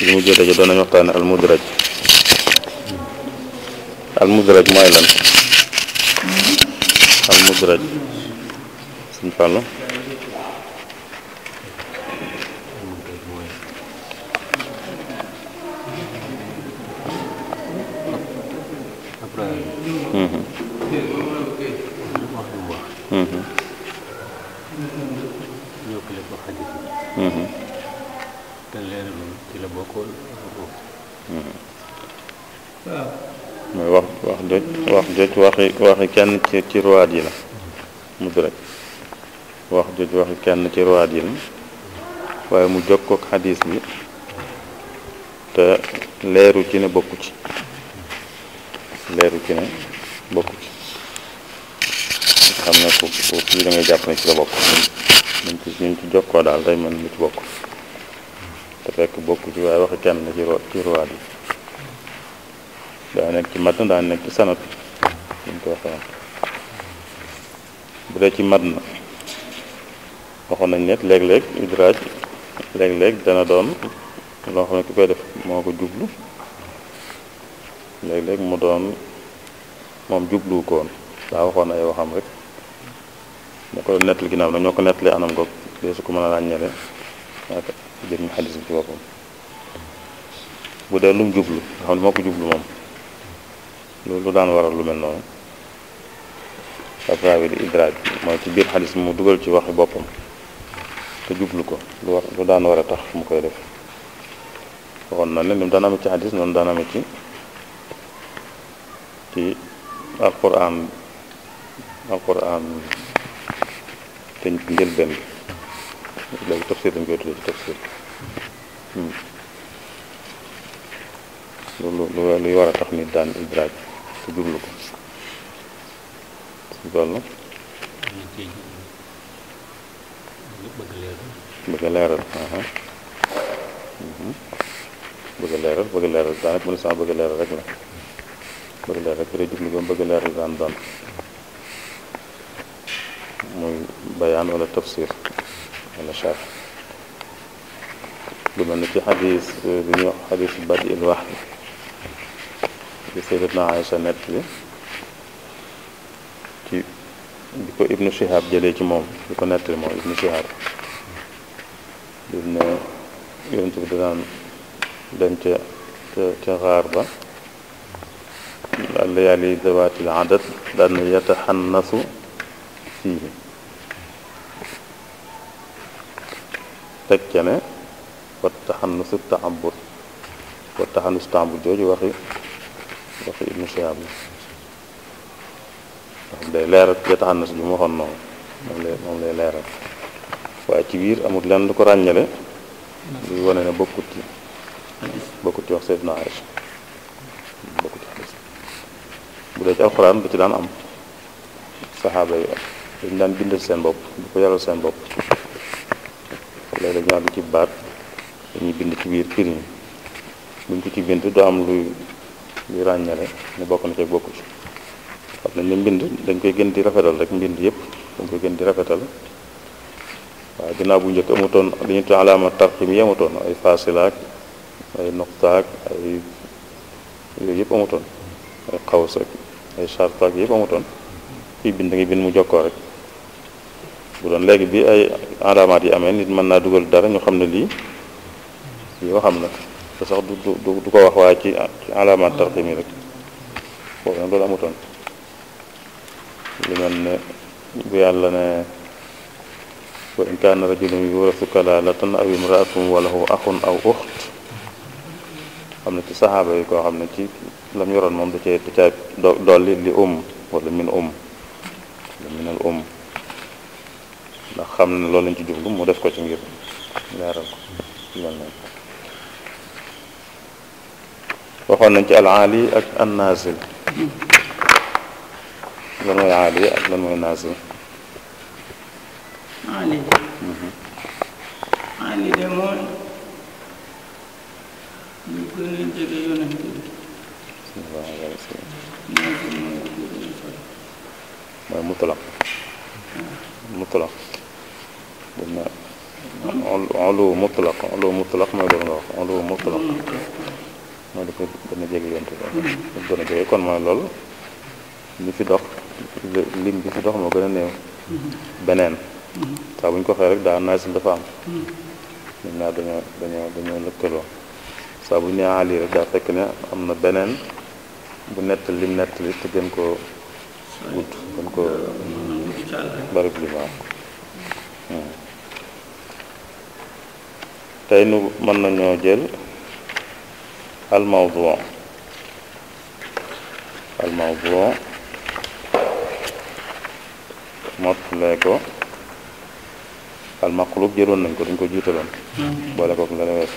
li mu jotee ci doon nañu waxtaane almudraj almudraj mooy lan almudraj suñ fàllu ci ci yi la mudraj wax jooju waxi kenn ci ruwaat yi la waaye mu kook xadis bi te leeru ci ne bokku ci leeru ci ne bokku ci xam ne ku ku jàpp ne ci ci ñun daal day man mu ci bokk te fekk bokku ci waaye waxi kenn ci ci ruwaat yi daa nekk ci matn daa nekk ci sanat bu dee ci mat na waxoon nañ ne léeg-léeg idraaj léeg-léeg dana doon loo xam ne ki koy def moo ko jublu léeg-léeg mu doon moom jublu ko woon daa waxoon ay waxam rek ñoo ko doon nettali ginnaaw ñoo ko nettali anam goog dee su ko bu dee lum jublu nga xam ne moo ko jublu moom loolu daan waral lu mel noonu fataawi di idraaj mooy ci biir xadis mu dugal ci waxi boppam te jublu ko lu war lu daan war a tax mu koy def waxoon na ne lim daan amee ci xadis noonu daan amee ci ci alquran alquran te njëlbeen bi léegi tafsir dañ koy tuddee ci tafsir loolu lu war a tax nit daan idraaj te jublu ko loolu nag. bëgg a leeral bëgg a leeral bëgg a leeral daanaka mën saa bëgg a leeral rek la bëgg a leeral rek rek jublu gëm bëgg a leeral daan doon muy bayaan wala tafsir wala char lu mel ni ci xadis bi ñuy wax xadis badi il wax bi sayyidatna Aïcha nett bi diko ibnu shihab jele ci mom diko ko mom ibnu shihab dina yonent bi dinaan dem ca ca xaar ba allayaali yali adad al na dan yatahannasu teg ca wa tahannasu taabur wa tahannasu taabur jooju waxi waxi ibnu shihab moom day leeral ja taxannas bi mu waxoon noonu moom lay leeral waaye ci biir amut lenn lu ko ràññale luy wane ne bokkut ci bokkut ci wax Seydina Aïcha bokkut ci bu ci daan am saxaaba yi dañ daan bindal seen bopp di ko yaral seen bopp léegi dañu àgg ci baat dañuy bind ci biir firiñ buñ ko ci bind du am luy luy ràññale ne bokk na ci bokku ci xam nañ ne mbind dañ koy gën di rafetal rek mbind yëpp dañ koy gën di rafetal waaw ginnaaw bu njëkk amutoon li ñu tuddee alaama tarxim yi amutoon ay faasilaak ay noqtaak ay yooyu yëpp amutoon ay xaws ak ay chartaak yëpp amutoon kuy bind da ngay bind mu jokkoo rek bu doon léegi bi ay alaamaat yi amee nit mën naa dugal dara ñu xam ne lii lii waxam na te sax du du du ko wax waaye ci ci alaamaat tarxim yi rek boobu nag loolu amutoon لمن بيعلن وإن كان رجل يورث كلالة أو امرأة وله أخ أو أخت أمنا تصحابة يكون أمنا لم يرى المهم دولي دولي لأم ولا من أم من الأم لا خمن لولا نجي جبل أم ودفكو تنجير لا رب لا وخوانا نجي العالي النازل lan mooy aali ak lan mooy naasi aali ah, de mhm. aali ah, de mooy ñu gën a jege yonent bi mooy mutlaq mutlaq buñ na olu mutlaq olu mutlaq mooy loolu nga wax olu mutlaq mooy dafa gën a jege yonent bi dafa hmm. gën a jege kon mooy loolu ñu fi dox lim bi fi dox moo gën a néew beneen saa bu ñu ko waxee rek daa naaj dafa am ñun ñaar dañoo dañoo dañoo lëkkaloo saa bu ñu nee Ali rek daa fekk ne am na beneen bu nettali lim nettali te gën koo gudd gën koo bari li waaw hmm. tey nu mën nañoo jël al mawdu al mawdu mottalee ko almaqlub jëloon nañ ko duñ ko jiitaloon boole kook la wees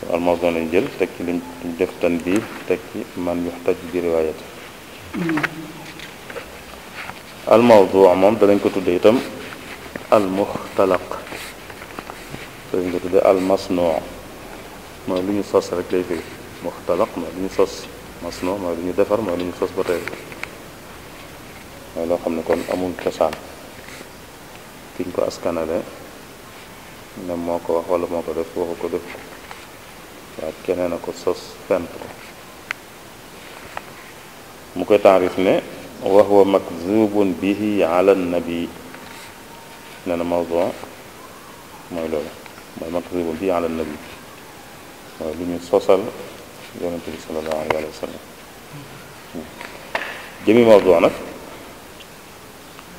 kon almawdu lañ jël teg ci liñ def tan bii teg ci man yuxtaj bi riwaayat almawdu moom danañ ko tuddee itam almuxtalaq danañ ko tudde almasnuu mooy lu ñu sos rek lay firi muxtalaq mooy lu ñu sos masnuu mooy lu ñu defar mooy lu ñu sos ba tey mooy loo xam ne kon amul cosaan kiñ ko askanale ne moo ko wax wala moo ko def waxu ko def waaye keneen a ko sos fent ko mu koy taarif ne wa huwa makzubun bihi ala nabi nee na mawduu mooy loolu mooy makzubun bihi ala nabi mooy lu ñu sosal yonente bi salallahu alayhi wa sallam jëmi mawduu nag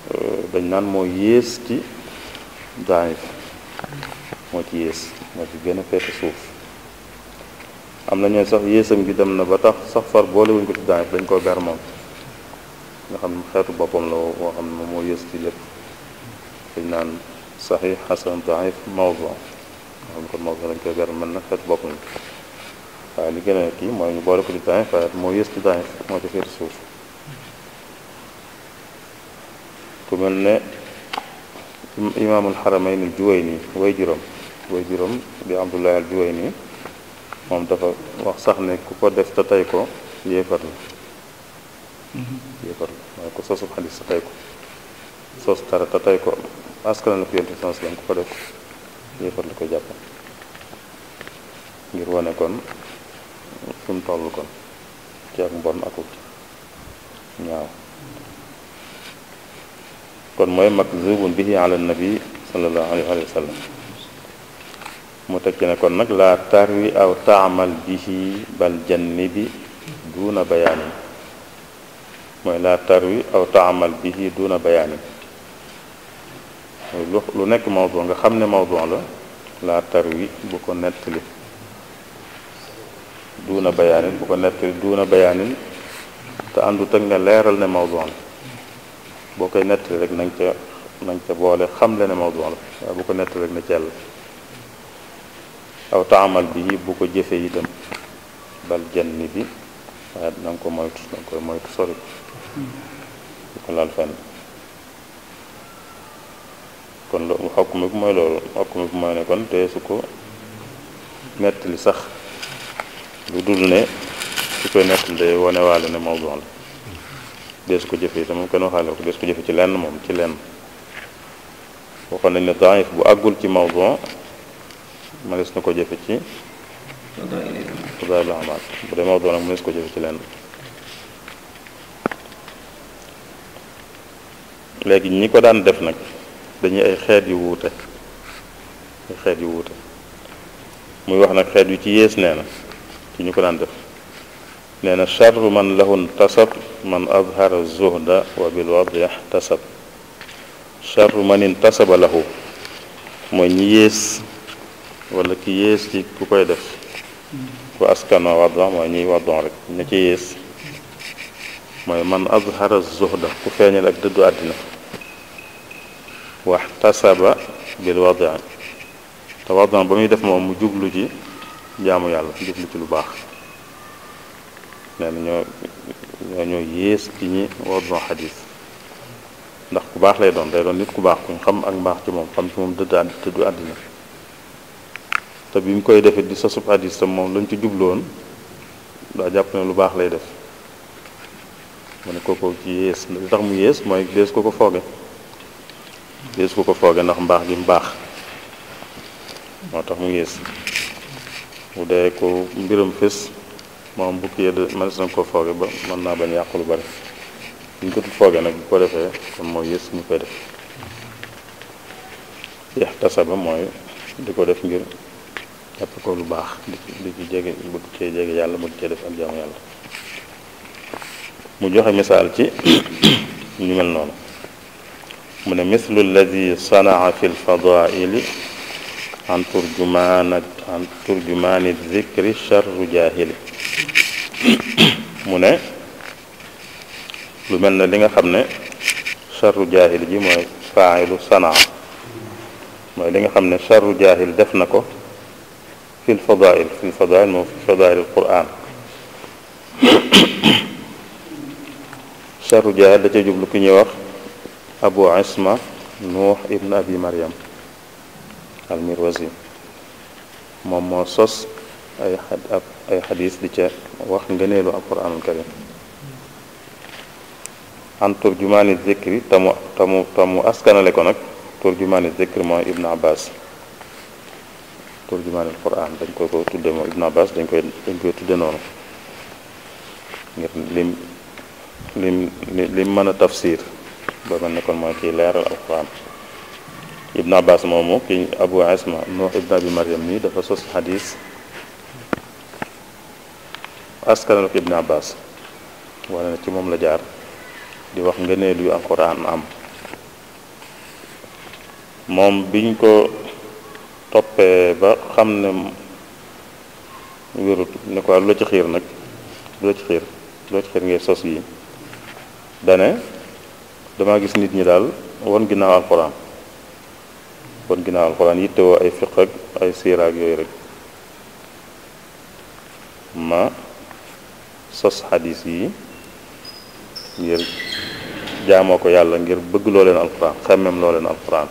Euh, dañ naan moo yées ci daif moo ci yées moo ci gën a féete suuf am na ñooy sax yéesam gi dem na ba tax sax far boole wuñ ko ci daif dañ koo gar moom nga xam xeetu boppam la woo xam ne moo yées ci lépp dañ naan saxiix xasan daif mawdu nga xam ne kon mawdu dañ koy gar mën na xeetu boppam waaye li gën a kii mooy ñu boole ko ci daif waaye moo yées ci daif moo ci féete suuf ku mel ne imaamul xaramayn al juwayni way juróom way juróom di abdullah al juwayni moom dafa wax sax ne ku ko def te tey ko yéefar la mm-hmm. yéefar la waaye ku sosub xadis te tey ko sos dara te tey ko askan la ko yonent sans ku ko def yéefar la koy jàpp ngir wane kon fi mu kon ci ak mbon akut ñaaw kon mooy makzubun bihi ala nabi sallallahu alayhi wa sallam mu tekki ne kon nag laa tarwi aw taamal bihi bal jannibi duuna bayaanin mooy laa tarwi aw taamal bihi duuna bayaanin lu lu nekk mawdu nga xam ne mawdu la laa tarwi bu ko nettali duuna bayaanin bu ko nettali duuna bayaanin te àndut ak nga leeral ne mawdu la بوكاي نت رك نانتا نانتا بولا خم لنا موضوع لا بوكاي نت رك نتيال او تعمل به بوكو جيفي يدم بل جنني هاد نانكو مويت نانكو مويت سوري بوكو لال فن لو حكم بو موي حكم بو موي نكون تي سوكو صح لودول ني سوكو نت دي وني والي dees ko jëfee dama kenn waxaale ko dees ko jëfe ci lenn moom ci lenn waxoon nañ ne daif bu àggul ci mawdon ma des na ko jëfe ci fadaa'il bu dee ko jëfe ci lenn léegi ñi ko daan def nag dañuy ay xeet yu wuute ay xeet yu wuute muy wax nag xeet yu ci yées nee na ci ñu ko daan def لأن الشر من له انتصب من أظهر الزهد وبالوضع احتسب شر من انتصب له من يس ولا كي يس كي كوباي داف كو اسكان وضع من ني وضع رك نتي يس موي من اظهر الزهد كو فاني لك ددو ادنا واحتسب بالوضع توضع بامي داف مو جوغلو جي جامو يالا جوغلو تي لو باخ nee na ñoo ñoo ñoo yées ci ñi waddoo xadis ndax ku baax lay doon day doon nit ku baax kuñ xam ak mbaax ci moom xam ci moom dëdd àddina te bi mu koy defee di sosub xadis tam moom lañ ci jubloon daa jàpp ne lu baax lay def mu ne kooku ci yées li tax mu yées mooy dees ko ko fooge dees ko ko fooge ndax mbaax gi mu baax moo tax mu yées bu dee ko mbiram fés moom bu kii yëpp mën nañ ko fogé ba man na bañ yàqu bari buñ ko fogé nak ko défé kon moy yes ñu koy def jeex tasaba mooy di ko def ngir jàpp ko lu bax di di ci jege bëgg ci jege yàlla bëgg ci def am jaamu yàlla mu joxe misal ci ñu mel non mu ne mislu alladhi sanaa fil lfadaili an turjumaana an turjumaani dhikri sharru jahili mune lu mel li nga xamne sharru jahil ji moy fa'ilu sana moy li nga xamne sharru jahil def nako fi al fadail fi al fadail mo fi fadail al quran sharru jahil da ci jublu ki ñi wax abu isma nuh ibn abi maryam al mirwazi mom mo sos ay xad ab ay xadis di ca wax ngëneelu alquranul karim an turjumaani zikri tamu tamu askanale ko nag turjumaani zikri mooy ibnu abbas turjumaanil quran dañ koy ko dañ koy dañ koy tudde noonu ngir lim lim lim mën a tafsir ba mel ne kon mooy kiy leeral alquran ibnu abbas moomu ki abu isma nuux ibnu abi mariam nii dafa sos xadis askan ko ibnu abbas wala na ci mom la jaar di wax ngëneel yu alquran am mom biñ ko topé ba xamne ne ne ko lu la ci xir nak lu ci xir lu ci xir ngay sos yi dane dama gis nit ñi dal won ginaaw alquran won ginaaw alquran yittewoo ay fiqh ak ay siiraag yoy rek ma sos xadis yi ngir jaamoo ko yàlla ngir bëgg loo leen alquran xemmem loo leen alquran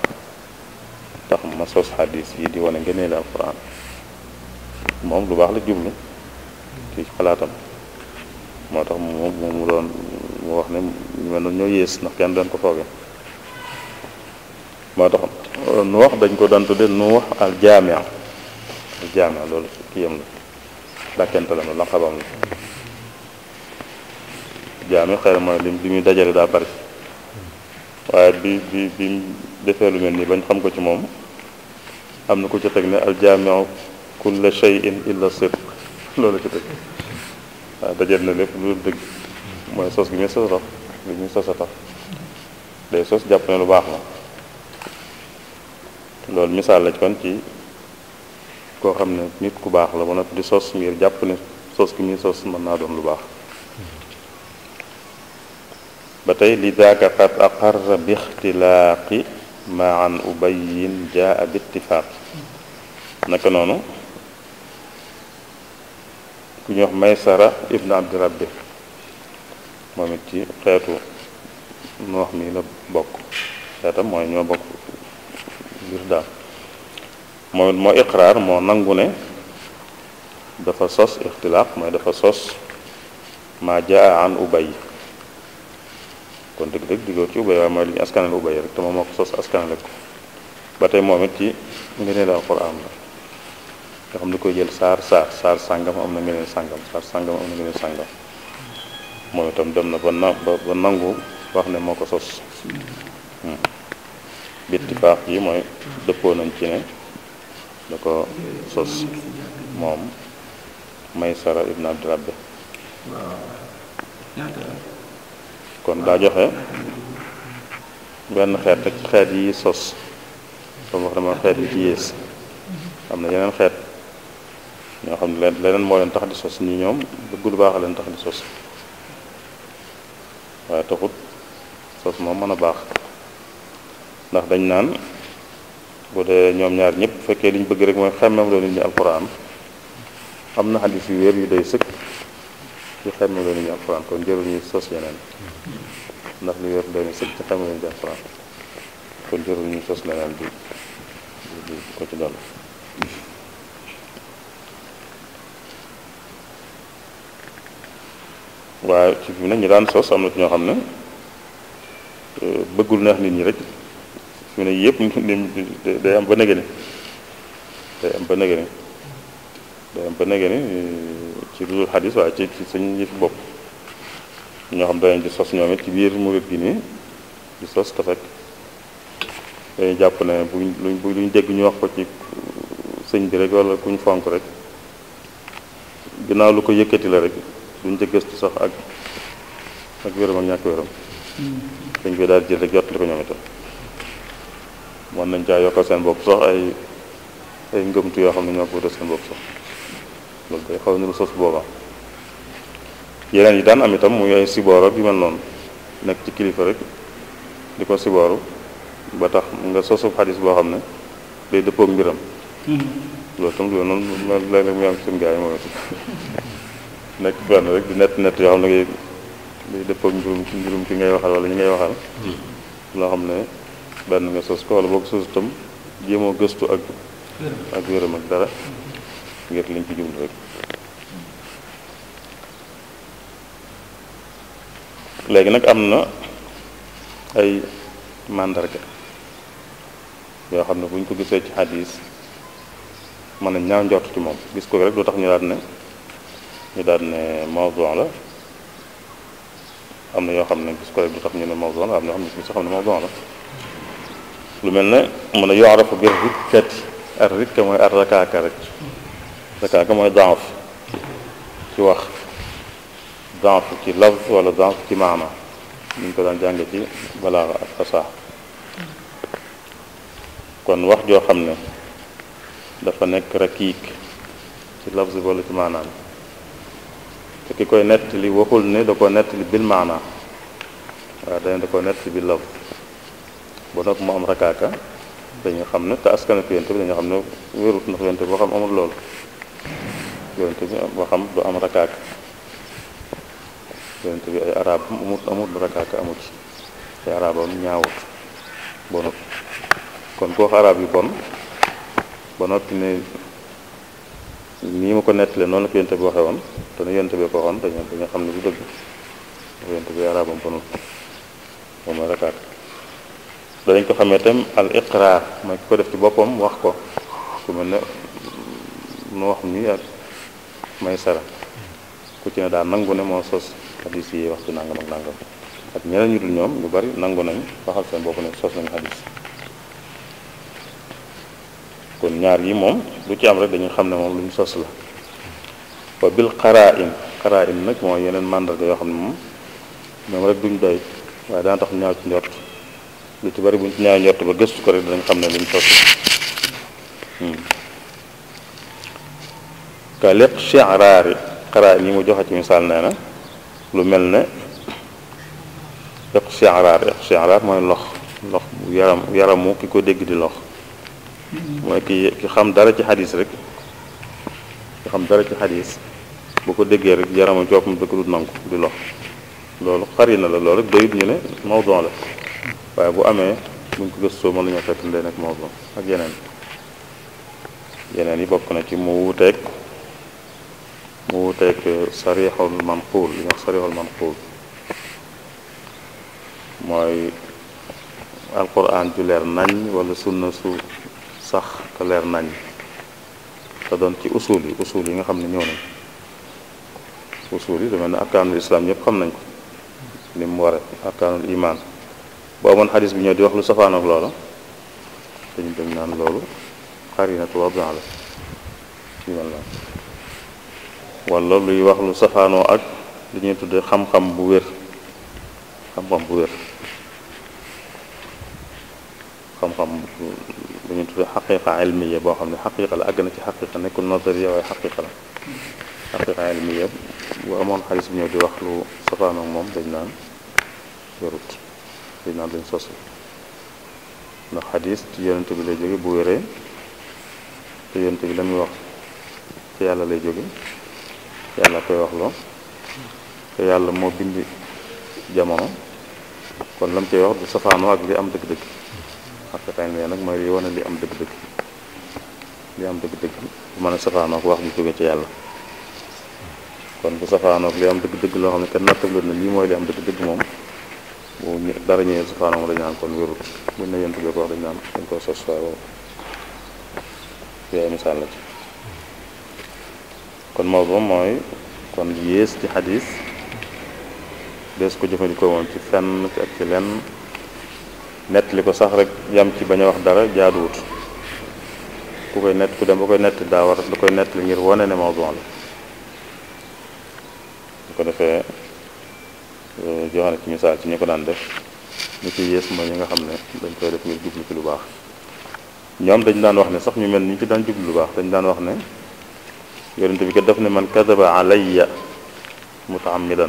tax ma sos xadis yi di wane ngeen leen alquran moom lu baax la jublu ci xalaatam moo tax mu mu doon mu wax ne mel noonu ñoo yées ndax kenn doon ko foogee moo tax nu wax dañ ko daan tudde nu wax al jaamia al jaamia loolu kiyam la dàkkentalam la laqabam la jaami xëy na mooy li muy dajale daa bari waaye bi bi bi defee lu mel nii bañ xam ko ci moom am na ku ci teg ne al jaamiu kulla shay'in illa sidq loolu ci teg waaw dajal na lépp lu dëgg mooy sos gi muy sos tax li muy day sos jàpp ne lu baax la loolu misaal la ci kon ci koo xam ne nit ku baax la ba noppi di sos ngir jàpp ne sos gi muy sos mën naa doon lu baax ba tey li daaka qad aqarra bi ma an ubayin jaa bi ittifaaq naka noonu ku ñuy wax maysara ibnu abdi rabbi moom it ci xeetu nu wax mi la bok xeetam mooy ñoo bokk mbir daal moom it moo iqraar dafa sos dafa sos ma jaa an ubay kon dëgg-dëgg jógewut ci ubay waaye mooy li ñu askanal ubay rek te moom moo ko sos askanale ko ba tey moom it ci ngëneel alxuraan la nga xam ne koy jël saar saar saar sàngam am na ngëneel sàngam saar sàngam am na ngëneel moom itam dem na ba na ba nangu wax ne moo ko sos hmm. bitti baax yi mooy dëppoo nañ ci ne da ko sos moom Maysara ibn Abdi Rabbi kon daa joxe benn xeet rek xeet yi sos comme wax dama xeet yi ci yées am na yeneen xeet ñoo xam ne leneen moo leen tax di sos ñi ñoom bëgg lu baax leen tax di sos waaye taxut sos moom mën a baax ndax dañ naan bu dee ñoom ñaar ñëpp fekkee li ñu bëgg rek mooy xemmem loo nit ñi alquran am na xadis yu wér yu doy sëkk ci xemmem loo nit ñi alquran kon jëru sos yeneen ndax lu wér doy na sëkk te xamal nañ ko alxuraan kon sos leneen di di ko ci dolli. waaw ci daan sos am na ñoo xam ne euh, bëggul neex nit ñi rek fi mu ne yëpp day am ba nege ni day am ba nege ni day am ba nege ni ci lu dul xadis waaye ci ci sañ bopp. ñoo xam danañ ci sos ñoom ci biir mu murit gi nii di sos te fekk jàpp ne bu luñ luñ dégg ñu wax ko ci sëñ bi rek wala kuñ fonk rek ginnaaw lu ko yëkkati la rek duñ ca gëstu sax ak ak wéram ak ñàkk wéram dañ koy daal jël rek jottali ko ñoom itam nañ caa yokkal seen bopp sax ay ay ngëmtu yoo xam ne ñoo ko seen bopp sax loolu day xaw na lu sos booba yeneen yi daan am itam muy yooyu siboor ak yu mel noonu nekk ci kilifa rek di ko sibooru ba tax nga sosub xadis boo xam ne day dëppoog mbiram hmm. loolu tam loolu noonu léeg-léeg muy am suñu gars yi moom nekk benn rek di nett nett yoo xam ne ngay day dëppoog mbirum ci mbirum ki ngay waxal wala ñi ngay waxal hmm. loo xam ne benn nga sos ko wala boo ko sosu jéemoo gëstu ak ak wéram ak dara ngir liñ ci jublu rek légui nak amna ay màndarga yo xamne buñ ko gisee ci hadith man ñaan jott ci mom gis ko rek do tax ñu daal ne ñu daal ne mawdu' la amna yo xamne gis ko rek do tax ñu ne mawdu' la amna xamne gis ko xam ne la lu melne man yo arafu yorafa bir rikkati ar rikka mooy ar rakaaka rek rakaaka moy daaf ci wax ضعف في لفظ ولا ضعف في معنى من كلام جانجة في بلاغة الفصاحة كون واحد جو خمنا دفا نك ركيك في لفظ ولا في معنى تكي كوي نت لي وقول ني دكو نت لي بالمعنى دين آه، دكو نت لي باللفظ بناك ما أمرك أكا دين خمنا تأسكن في أنت دين خمنا ويروت نخ أنت بخم أمر لول يونتي بخم بأمرك أكا yonent bi ay arab amut amut rakaaka amu ci ay arabam ñaawut bonut kon ku wax arab yu bon ba noppi ne nii ma ko nettalee noonu la ko yonent bi waxee woon te ne yonent bi dañu xam ne du dëgg ndax yonent bi arabam bonut moom ko xamee itam al iqraar mooy ko def ci boppam wax ko ku mel ne nu wax nii ak may sara ku ci ne daal nangu ne moo sos xadis yi waxtu nangam ak nangam ak ñeneen ñu dul ñoom ñu bari nangu nañ waxal seen bopp ne sos nañ xadis kon ñaar yi moom lu ci am rek dañuy xam ne moom lu ñu sos la wa bil xaraa'in xaraa'in nag mooy yeneen màndarga yoo xam ne moom moom rek duñ doy waaye daan tax ñaaw ci njort lu ci bari buñ ci ñaaw njort ba gëstu ko rek dañ xam ne lu ñu sos hmm. ka lépp chearaari xaraa'in yi mu joxe ci misaal nee na lu mel ne yàqu siaraar yàqu siaraar mooy lox lox bu yaram yaramu ki ko dégg di lox mooy ki ki xam dara ci xadis rek ki xam dara ci xadis bu ko déggee rek yaramam coppam da ko dut nangu di lox loolu xari na la loolu rek doyut ñu ne mawdon la waaye bu amee buñ ko gëstoo mën nañoo fekk ndey nekk mawdon ak yeneen yeneen yi bokk na ci mu wuuteeg موتك صريح المنقول يعني صريح المنقول موي القران دي لير ناني ولا سنه سو صح تلير ناني تا دون تي اصول اصول ييغا خامني نيو ناي اصول دي من اركان الاسلام ييب خام نانكو لي مو اركان الايمان بو من حديث بي نيو دي واخ لو صفان اك لولو نان لولو قرينه واضحه لي والله wala luy wax lu safaanoo ak li ñuy tuddee xam-xam bu wér xam-xam bu wér xam-xam bu ñuy tudde xaqiqa ilmiya boo xam ne xaqiqa la àgg na ci xaqiqa nekkul nazariya waaye xaqiqa la xaqiqa ilmiya bu amoon xaalis bu ñëw di wax lu safaanoog moom dañ naan wérut dañ naan dañ sosu ndax xadis ci yonente bi lay jóge bu wéree te yonente bi la muy wax ci yàlla lay jóge yalla koy wax lo te yalla mo bindi jamono kon lam ci wax du safaanoo ak li am deug dëgg ak tay me mooy li wane li am deug deug li am deug deug bu mën a ak wax ju jóge ci yalla kon bu safaanoo ak li am deug deug lo xamne ne kenn lu na moy li am deug deug mom bu dara ñe safaanoo moom dañu naan kon wëru bu ne yéen ko wax dañu naan dañ koy sos waaye boobu yooyu misaal la ci كن موضوع معي كن يس في حديث بس كده في الكون في فن في أكلم نت لكو سهر يام كي بني واحد دار جادور كوي نت كده بكوي نت داور بكوي نت لنيروانة الموضوع له كده في جوانا كي نسأل كي نكون عنده نتي يس ما ينعا خم نه بنتي رفيق جبل كلو باخ نعم دنيا نوح نه صح نعم نتي دان جبل دنيا نوح yonent bi kat daf ne man kadaba alayya mutaamidan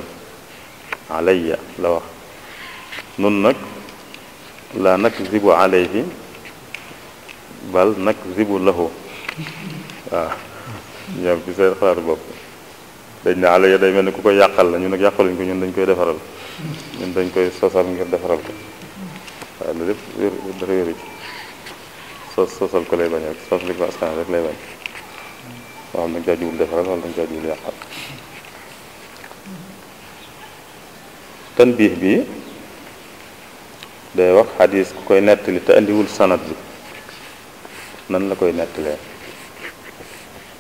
alayya la wax nun nag la nakzibu alayhi bal nakzibu lahu waaw ñoom ci seen xalaatu bopp dañ ne alayya day mel ni ku koy yàqal la ñun nag yàqaluñ ko ñun dañ koy defaral ñun dañ koy sosal ngir defaral ko waaye loolu lépp wér dara wéru ci sos sosal ko lay bañal sos li ko askan rek lay bañ وعم جادول defaral wala jaaduwul yàqal tanbiix bi day wax xadis ku koy nettali te andiwul sanad bi nan la koy nettalee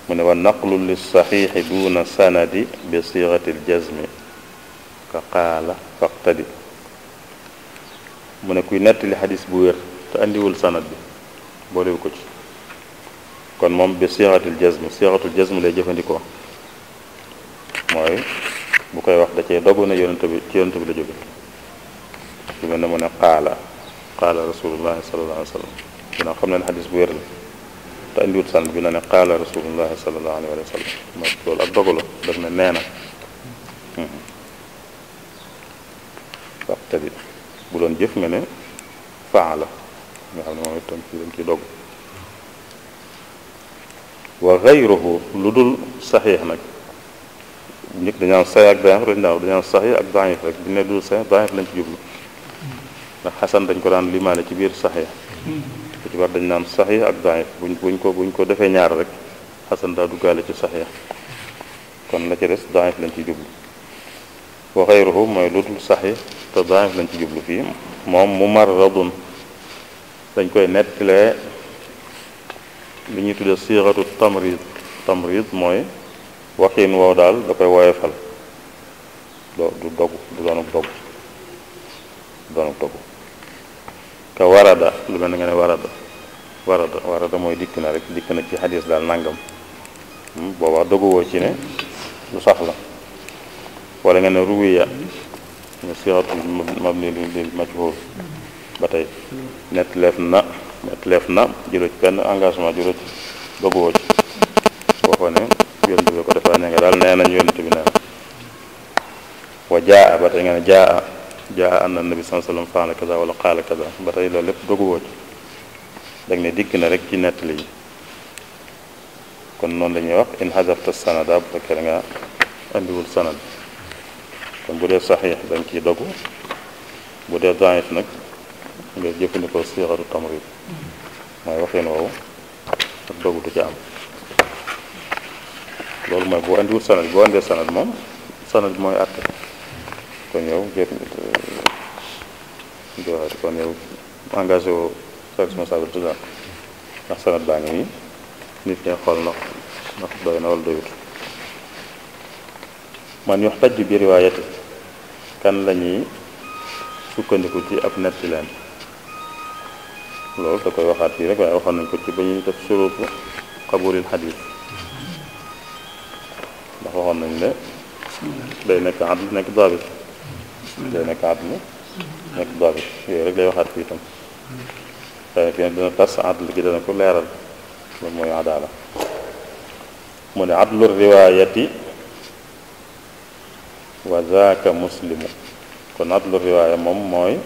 mu ne wa naqlu lisaxiixi duna sanadi bi siixati ljasmi ka qaala faqtadi mu ne kuy nettali xadis bu wér te andiwul sanad bi boolewu ko ci kon moom bi sixatul jazm sixatul jazm lay jëfandikoo mooy bu koy wax da cee dogu ne yonent bi ci yonent bi la jóge lu mel ne mu ne qaala qaala rasulullahi sallallahu alayhi wa sallam dina xam ne ne xadis bu wér la te indiwut sànn bi na ne qaala rasulullahi sallallahu alayhi wa sallam mooy loolu ak dogu la daf ne nee na waxte bi bu doon jëf nga ne faa la nga xam ne moom itam ci dañ ciy dogu وغيره لدول صحيح نك نك دنيا صحيح أك ضعيف رجنا دنيا صحيح أك ضعيف رك دنيا دول صحيح ضعيف لن تجيب نعم، حسن دن قران لما نكبير صحيح تجبر دنيا صحيح أك ضعيف بن بنكو بنكو دفع نار رك حسن دا دوغالي تي صحيح كون لا تي ريس ضعيف لن تجيب وغيره ما لدول صحيح تضعيف لن تجيب في موم ممرض دنجكو نيتلي li ñuy tudde siiratu tamrid tamrid mooy waxiin woo daal da koy woyofal do du dog du doonuk dog du doonuk dog ka warada lu mel ne nga ne warada warada warada mooy dikk na rek dikk na ci xadis daal nangam hmm, boobaa doguwoo ci ne lu sax la wala nga ne ruwiya nga siratu mabni lil majhul ba tey nettaleef na nekk na jëloo ci benn engagement jëloo ci bëgguwoo ci waxoo ne yonent bi ko defaa ne nga daal nee nañ yonent bi nee wa jaa ba tey nga ne jaa jaa an na sallallahu alayhi wasallam faala kaza wala qaala kaza ba tey loolu lépp doguwoo ci dag ne dikk na rek ci nettali yi kon noonu lañuy wax in hadafta sanada bu fekkee da nga andiwul sanad kon bu dee saxiix da nga dogu bu dee daif nag ngay jëfandikoo siixatu tamrid moy waxé no ak dogu du ci am loolu mooy andi andiwut sanad boo andee sanad mom sanad moy àtte kon yow jëf dowaat kon yow engagé woo sa responsabilité daal ndax sanad ba ngi nit ñi xol ndax ndax doy na wal doy man yox taj bi riwayati kan la sukkandiku ci ab netti leen loolu da koy waxaat fii rek waaye waxoon nañ ko ci ba ñuy def suruutu xabuuril xadiis ndax waxoon nañ ne day nekk adl nekk daabit day nekk adl nekk daabit yooyu rek lay waxaat fii itam waaye fii nag dina tas adl gi dana ko leeral loolu mooy adaala mu ne adlu riwaayati wa zaaka muslimu kon adlu riwaaya moom mooy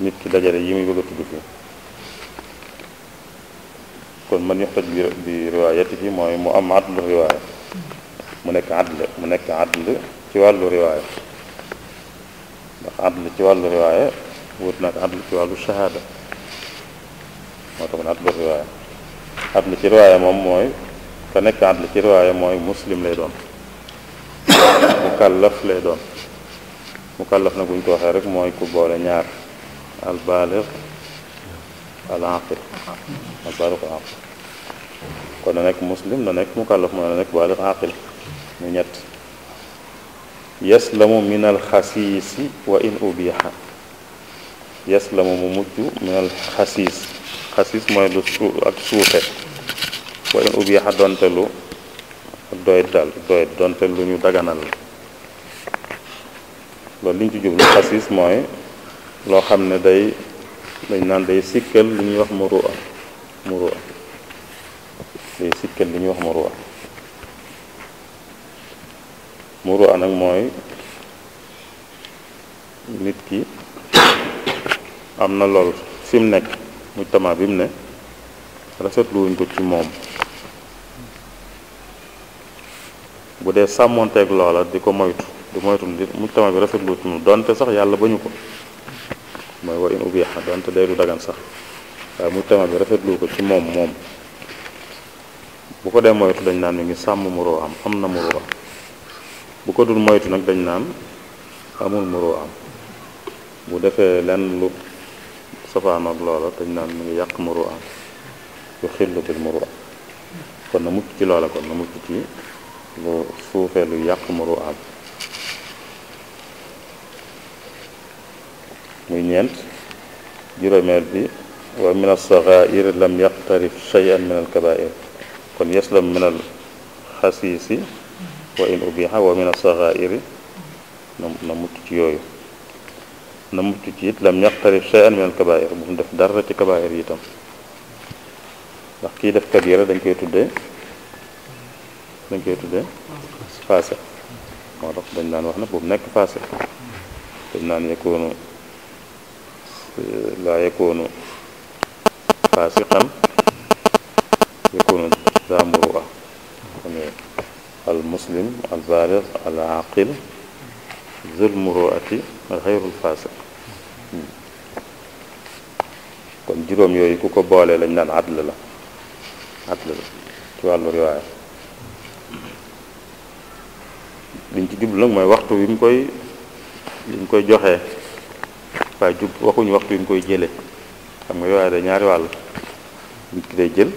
nit ki dajale yi muy bëgg a tudd fii kon man yoxtoj bi bi riwaayati fii mooy mu am adlu riwaaya mu nekk adl mu nekk adl ci wàllu riwaaya ndax adl ci wàllu wut nag adl ci wàllu shahaada moo tax man adlu riwaaya adl ci riwaaya moom mooy ka nekk adl ci riwaaya mooy muslim lay doon mukallaf lay doon mukallaf nag bu ñu ko waxee rek mooy ku boole ñaar البالغ العاقل البالغ العاقل كنا نك مسلم نك مكلف نك بالغ عاقل نيت يسلم من الخسيس وان ابيح يسلم ممج من الخسيس خسيس ما لو اك وان ابيح دونتلو دويت دال دويت دونتلو نيو داغانال لو لي نجي جوب الخسيس موي loo xam ne day dañ naan day sikkal li ñuy wax murua murua day sikkal ñuy wax murua murua nag mooy nit ki am na lool fi mu nekk mu tamaa bi mu ne rafetluwuñ ko ci moom bu dee sàmmonteeg loola di ko moytu di moytu mu tamaa bi rafetluwuñ ko donte sax yàlla bañu ko mooy wa in ubiha donte day lu dagan sax waaye mujtama bi rafetlu ko ci moom moom bu ko dee moytu dañ naan mi ngi sàmm muroo am am na muroo am bu ko dul moytu nag dañ naan amul muroo am bu defee lenn lu safaanoog loola dañ naan mu ngi yàq muroo am yu xillu bil muroo am kon na mucc ci loola kon na mucc ci lu suufee lu yàq muroo am muy ñeent juróomeel bi wa min alsaxair lam yaqtarif cheyan min alkabair kon yaslam min al xasiisi wa in ubiha wa min alsaxairi na na mucc ci yooyu na mucc ci it lam yaqtarif cheyan min alkabair bu mu def dara ci kabair yi itam ndax kii def kabira dañ koy tuddee dañ koy tuddee faase moo tax dañ naan wax ne bu mu nekk faase dañ naan yekoonu laa yakoonu faasiqan yakoonu daa muruwa al muslim al baalig al aqil kon juróom yooyu ku ko boole lañ naan adl la adl la ci wàllu riwaaya liñ ci jublu nag mooy waxtu wi mu koy li mu koy joxee waaye jub waxuñu waxtu wi ñu koy jële xam nga yooyaay da ñaari wàll nit ki day jël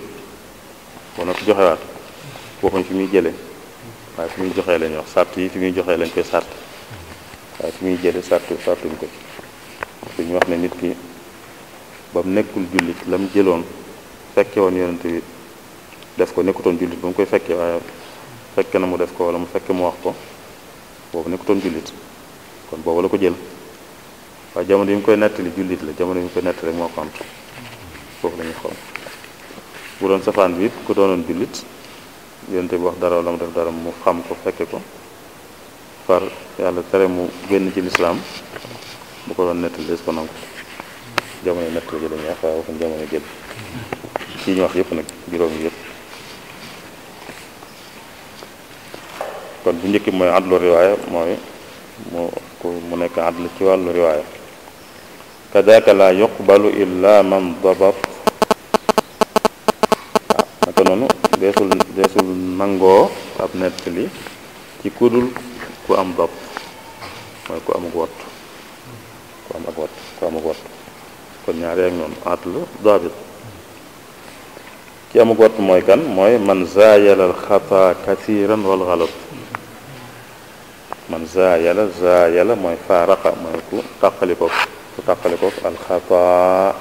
ba noppi joxewaat waxuñ fi muy jële waaye fi muy joxee lañuy wax sart yi fi muy joxee lañ koy sart waaye fi muy jëlee sart sartuñ ko ci ñu wax ne nit ki ba mu nekkul jullit la mu jëloon fekke woon yonent bi ko nekkutoon jullit ba mu koy fekkee waaye fekke na mu def ko wala mu fekke mu wax ko boobu nekkutoon jullit kon boobu la ko jël waaye jamono yi mu koy nettali jullit la jamono yi mu koy nettali moo kont foofu la ñu xool bu doon safaan bi it ku doonoon jullit yonte bi wax dara wala mu def dara mu xam ko fekke ko far yàlla tere mu génn ci lislaam bu ko doon nettali des ko nangu jamono jël ci ñu wax yépp nag juróom yëpp kon bu njëkk mooy adlu riwaaya mooy mu ku mu nekk adlu ci wàllu riwaaya kadaka la yuqbalu illa man dhabat naka nonu desul desul mango ab netli ci kudul ku am dhab mooy ku am ak ku am ak ku am ak Ku kon ñaaree ak atlu dhabit ki am ak watt kan mooy man zayal al khata kathiran wal ghalat man zaayala zaayala mooy faraqa ku tàqali تقلقوا الخطا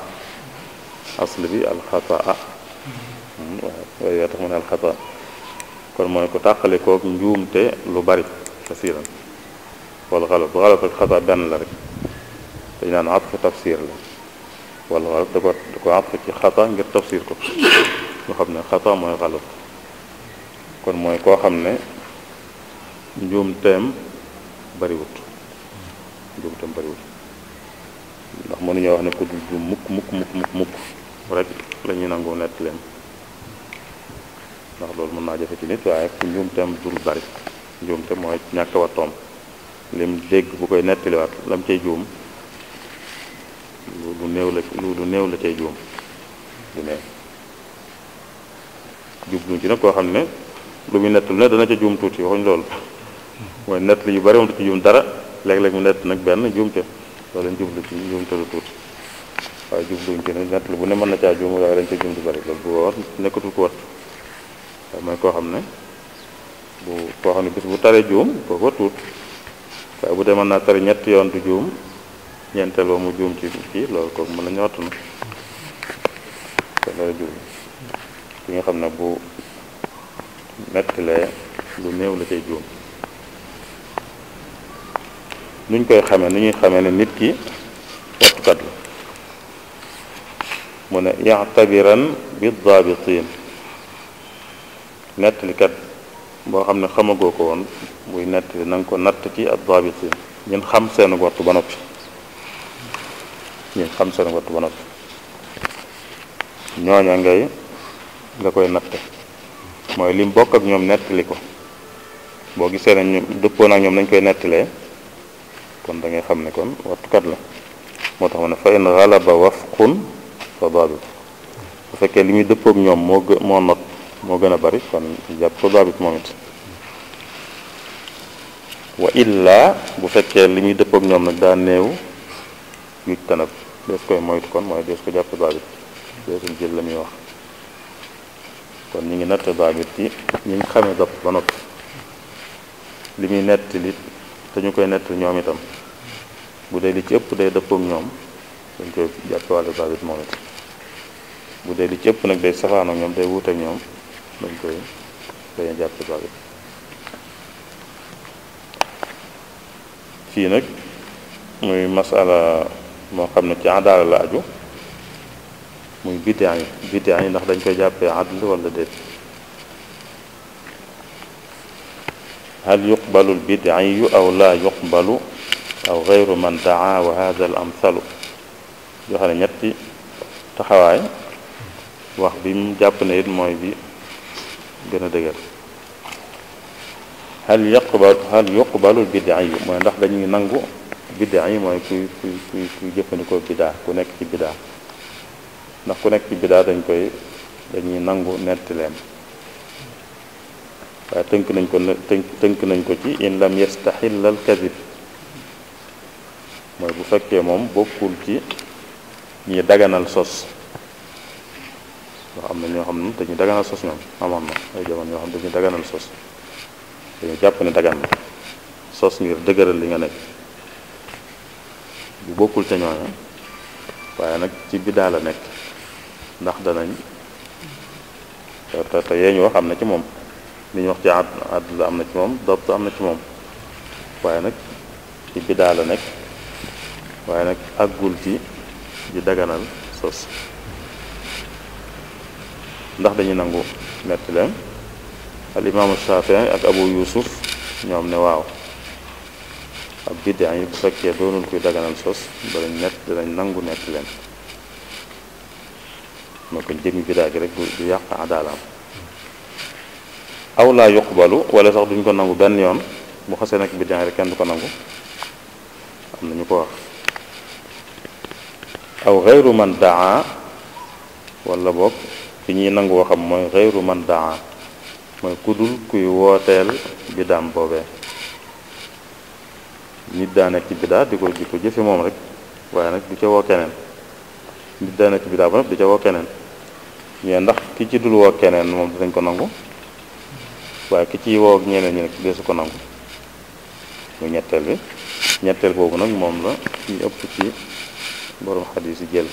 اصل بي الخطا وهي تكون الخطا كون موي كو تقلقوا نجومتي لو بري كثيرا والغلط غلط الخطا بان لا رك نعطف تفسير لا والغلط دكو دكو عطف في خطا غير تفسير كو لو خطا موي غلط كون موي كو خمنا نجومتم بري وت نجومتم بري وت ndax mënuñoo wax ne ku dul mukk mukk mukk mukk rek la ñuy nangoo nett leen ndax loolu mën naa jafe ci nit waaye ku njuumteem dul bari te mooy ñàkk wattoom lim dégg bu koy nettaliwaat lam cay juum lu néew la lu néew la cay juum lu néew nag koo xam ne lu muy nett lu dana ca juum tuuti waxuñ loolu mooy nett yu bari moom du ci juum dara léeg-léeg mu nett nag benn juum ca loolu lañ jublu ci njuumte lu tuuti waaye jubluñ ci nag lu bu ne mën na caa juum waaye dañ ca juum du bari loolu bu war nekkatul ko wattu waaye mooy koo xam ne bu koo xam ne bis bu taree juum kooku naa tari ñetti yoon du juum ñeenteel ba mu juum ci kii loolu kooku mën nañu wattu na loolu jublu ki nga xam ne bu nettalee lu néew la cay juum nu ñu koy xamee nu ñuy xamee ne nit ki wattukat la mu ne yaxtabiran bi daabitin nettalikat boo xam ne xamagoo ko woon buy nettali na ko natt ci ab daabitin ñun xam seen wattu ba noppi ñun xam seen wattu ba noppi ñooña ngay nga koy natte mooy lim bokk ak ñoom nettali ko boo gisee ne ñoom dëppoon ak ñoom nañ koy nettalee kon dangay xam ne kon wattukat la moo tax ma ne fa in ghalaba wafqun fa daabit bu fekkee li muy dëppoog ñoom moo moo not moo gën a bari kon jàpp ko daabit wa illa bu fekkee li muy dëppoog ñoom nag daa néew yuj tanab dees koy moytu kon mooy dees ko jàpp daabit deesuñ jël la muy wax kon ñu ngi natt daabit ci ñi ngi xamee dab ba noppi li muy nettali dañu koy nett ñoom itam bu dee li ci day dëppoog ñoom dañ koy jàppe wàllu saabit moom bu dee li ci nag day safaanoog ñoom day wuuteeg ñoom dañ koy bañ jàppe saabit fii nag muy masala moo xam ne ci adaala la aju muy bidaa yi bidaa yi ndax dañ koy jàppee adl wala déet hal yuqbalu lbidaiyu aw laa yuqbalu aw geyru man daa wa hada al amthalu joxe ne ñetti taxawaay wax bi mu jàpp ne it mooy bi gën a dëgër hal yuqbalu hal yuqbalu lbidaiyu mooy ndax dañuy nangu bidaa yi mooy kuy kuy kuy jëfandikoo bidaa ku nekk ci bidaa ndax ku nekk ci bidaa dañ koy dañuy nangu netti leen waaye tënk nañ ko tënk nañ ko ci in lam yastaxilla al mooy bu fekkee moom bokkul ci ñi daganal sos yoo xam ne ñoo xam ne dañuy daganal sos ñoom amoon na ay jamono ñoo xam ne dañuy daganal sos dañu jàpp ne dagan la sos ngir dëgëral li nga nekk bu bokkul ca ñooña waaye nag ci biddaa la nekk ndax danañ te te te yee ñu wax am na ci moom li ñuy wax ci ad adl am na ci moom dabt am na ci moom waaye nag ci bidaa la nekk waaye nag àggul ci di daganal sos ndax dañu nangu metti leen al imaamu Shafii ak abu yusuf ñoom ne waaw ab bidaa yi bu fekkee doonul kuy daganal sos danañ nett danañ nangu metti leen moo ko jëmi bidaa gi rek du yàq adaalaam aw laa yuqbalu wala sax duñ ko nangu benn yoon bu xasee nag biddaa rek kenn du ko nangu am na ñu ko wax aw xeyru man daa wala boog ki ñuy nangu waxam mooy xeyru man daa mooy kudul kuy wooteel biddaam boobee nit daa nekk ci biddaa di ko di jëfe moom rek waaye nag du ca woo keneen nit daa nekk ci biddaa ba nag du ca woo keneen mais ndax ki ci dul woo keneen moom dinañ ko nangu waaye ki ci woo ak ñeneen ñi nag deesu ko nangu mu ñetteel bi ñetteel boobu nag moom la ki ëpp ci borom xadis ci jël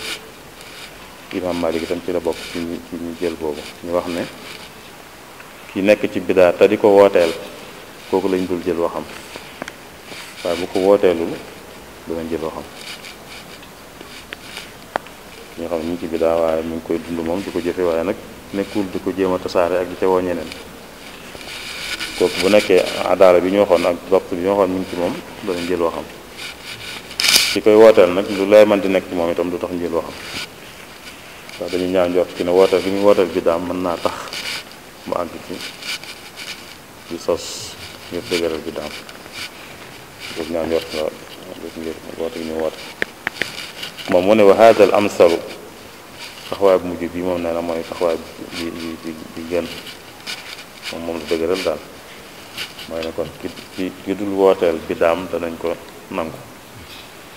imam Malik itam ci la bokk ci ñi jël boobu ñu wax ne ki nekk ci bidaa te di ko wooteel kooku lañ dul jël waxam waaye bu ko wooteelul danañ jël waxam ñoo xam ne ñu ci bidaa waaye mu ngi koy dund moom di ko jëfe waaye nag nekkul di ko jéem a tasaare ak di ca woo ñeneen kooku bu nekkee adaala bi ñu waxoon ak dopt bi ñu waxoon mi ngi moom dana jël waxam ki koy wooteel nag lu lay man di nekk ci moom itam du tax njël waxam ndax dañu ñaaw njort ci ne wooteel bi daam mën naa tax mu àgg sos ngir dëgëral bi daam moom mu ne wa am al amsalu taxawaay bu mujj bii moom nee na mooy taxawaay bi bi bi gën moom moom la dëgëral daal mooy ne kon ki ki ki dul wooteel bidaam danañ ko nangu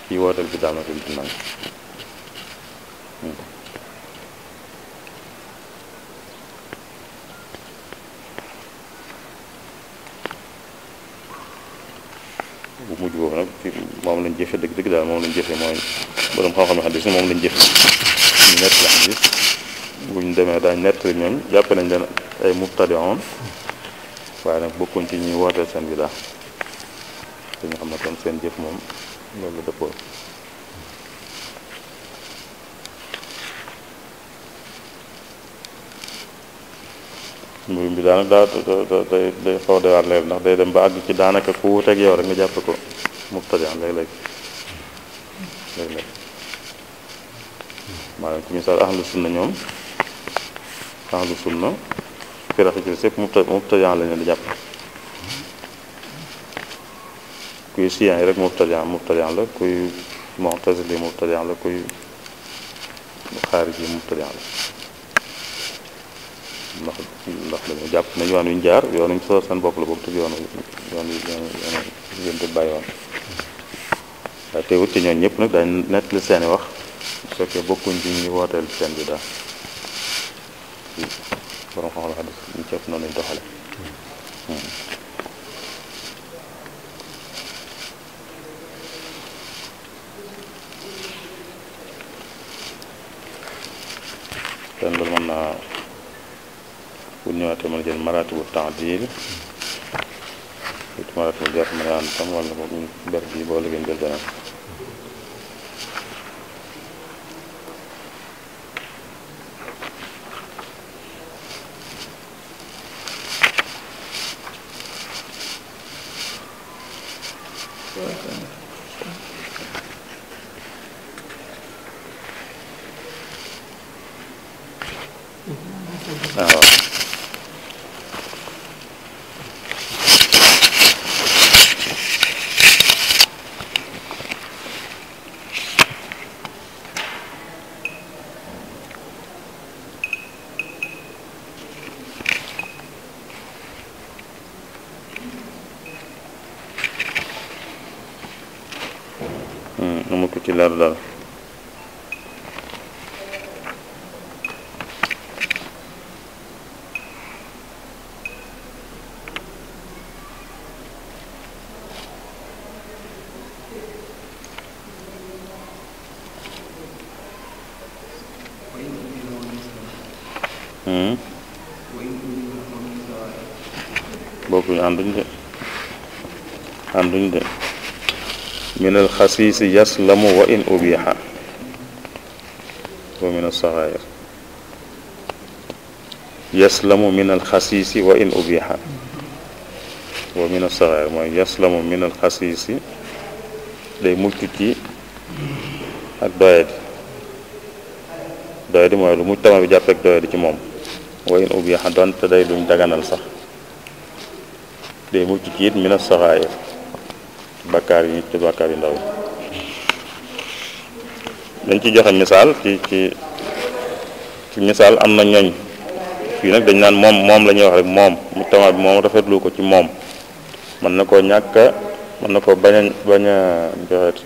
kii wooteel bidaam na ko dul nangu bu mujj boobu nag moom lañ jëfe dëgg dëgg daal moom lañ jëfe mooy borom xam-xam yi xadis moom lañ jëfe ñu demee daañ nett ñooñ jàpp nañ leen ay mubtadi on waaye nag bokkuñ ci ñuy wooteel seen bida dañu xam ne kon seen jëf moom loolu la dëppoo mbirum bi daanaka daa day day xaw a dewaat léegi ndax day dem ba àgg ci daanaka ku wuuteeg yow rek nga jàpp ko mubtadian léeg-léeg léeg-léeg maanaam ci misaal ahlu sunna ñoom ahlu sunna firaq yi ci des yëpp mubtadaan la ñu di jàpp kuy siyaan yi rek mubtadaan mubtadaan la kuy mu'tazili mubtadaan la kuy xaarij yi mubtadaan la ndax ndax dañu jàpp ne yoon wi ñu jaar yoon wi ñu soo seen bopp la bokk tëg yoon yoon yoon di bàyyi woon waaye teewut ci ñooñ ñëpp nag dañ nettali seeni wax su fekkee bokkuñ ci ñi wooteel seen bi daal borom xam-xam xadis ñu ci ëpp noonu lañ doxale ten loolu mën naa bu ñëwaatee mën a jël maratibu taadil it maratibu jar mën a ànd tam wala boog ñu ber bii boo liggéey jël beneen Mm, amu ko ci leer daal mm. bokkuñu ànduñ de de من الخسيس يسلم وإن أبيح ومن الصغائر يسلم من الخسيس وإن أبيح ومن الصغائر ما يسلم من الخسيس لي مكتي اك دايد دايد ما لو مجتمع بي جابك دايد سي موم وين ابيح دون تداي لو دغانال صح لي مكتي من الصغائر bakar yi te bakar yi ndaw dañ ci joxe misal ci ci ci misal am na ñooñ fii mom, dañ nan mom mom la wax rek mom mu tama bi moom rafetlu ko ci mom man nako koo man nako baña baña bañ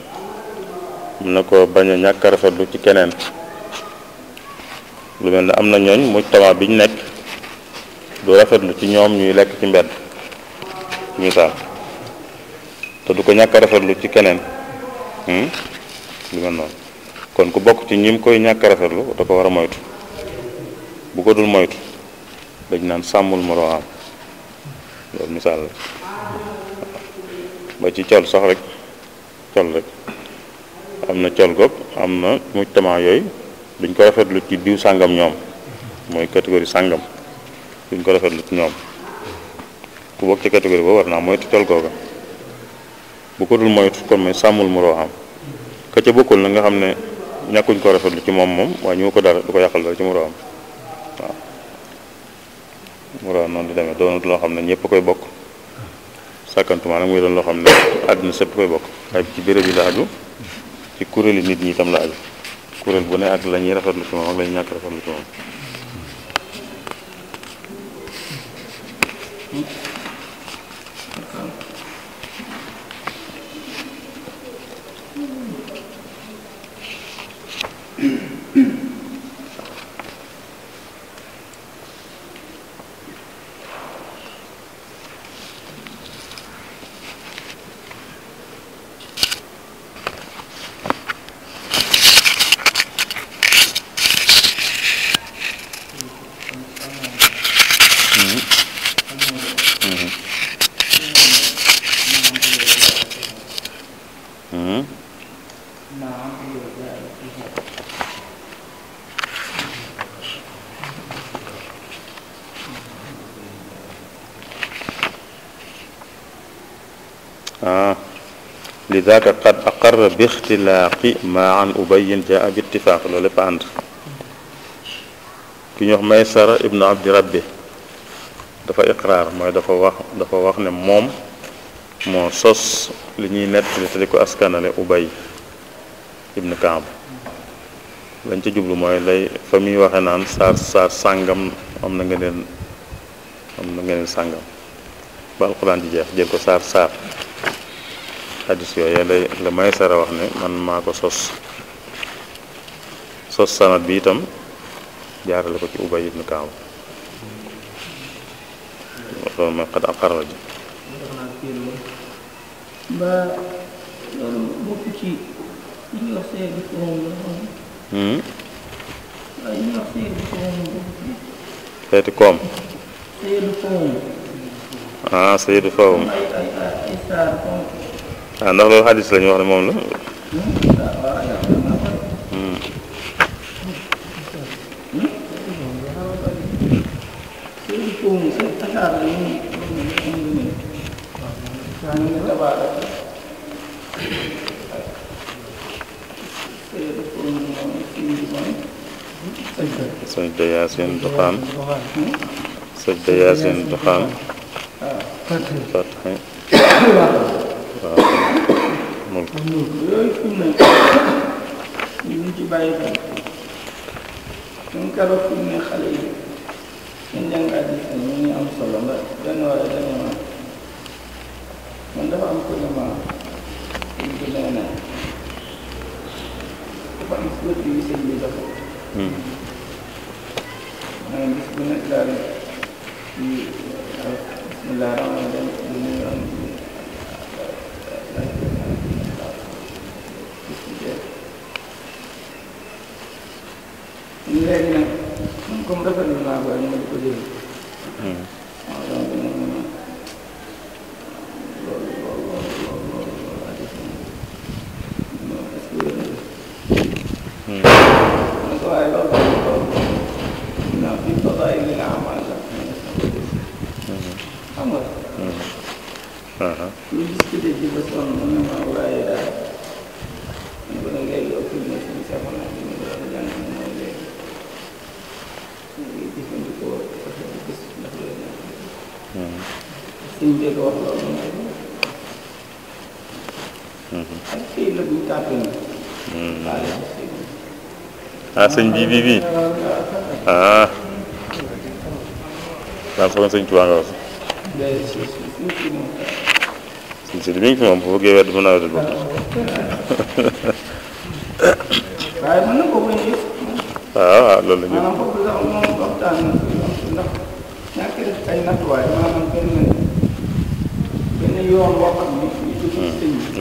man nako baña joxeet rafetlu ci keneen lu mel am na ñooñ mu tama biñ nekk du rafetlu ci ñom ñuy lek ci mbedd te du ko ñàkk a rafetlu ci keneen hmm? lu mel noonu kon ku bokk ci ñim koy ñàkk a rafetlu da ko war a moytu bu ko dul moytu dañ naan sàmmul moroomam loolu misaal la ci col sax rek col rek am na col gopp am na mujtama yooyu duñ ko rafetlu ci diw sàngam ñoom mooy catégorie sàngam duñ ko rafetlu ci ñoom ku bokk ci catégorie boobu war naa moytu col googa bu ko dul moytu kon mooy sàmmul mu roo am ka ca bokkul nag nga xam ne ñàkkuñ ko rafet lu ci moom moom waaye ñu ko dara du ko yàqal dara ci mu am waaw mu roo am noonu di demee doonut loo xam ne ñëpp koy bokk sàkkantuma nag muy doon loo xam ne àdduna sëpp koy bokk waaye ci béréb yi la aju ci kuréeli nit ñi tam la aju kuréel bu ne ak la ñuy rafetlu ci moom ak la ñuy ñàkk rafetlu ci moom zaka qad aqarra bi ixtilaaqi ma an ubayyin jaa bi ittifaaq loolu lépp ànd ki ñuy wax maysara ibnu abdi rabbi dafa iqraar mooy dafa wax dafa wax ne moom moo sos li askanale ubay ibnu kaab lañ ca jublu mooy lay fa muy waxe naan saar saar sàngam am na nga leen am na nga leen sàngam ba alquran jeex jël ko saar saar xadis yooyu lay la may sara wax ne man maa ko sos sos sanad bi itam jaarale ko ci ubay ibnu kaab loolu mooy hmm? koom ah seedu fawum ah ndax loolu xadis la ñu wax ne moom la. sajda yaasin duxaan sajda yaasin duxaan fatxe waaw noonu yooyu ñu ci bàyyi xel suñ keroog fi ne xale yi seen jàngaat yi ñu ngi am solo nga benn waaye dañu ma man dafa am ko ma ñu ko nee na dafa am bi dafa gis bu nekk daal bismillah rahmaan rahim இல்லைன்னா கும்பிட பெருமாள் எங்களுக்கு புரியுது I love you. ah sëñ bii bii bii ah daal soxna nga wax sëñ si mi ngi fi moom bu wedd mën naa weddal bopp waaw ah, ah, waaw loolu la ñu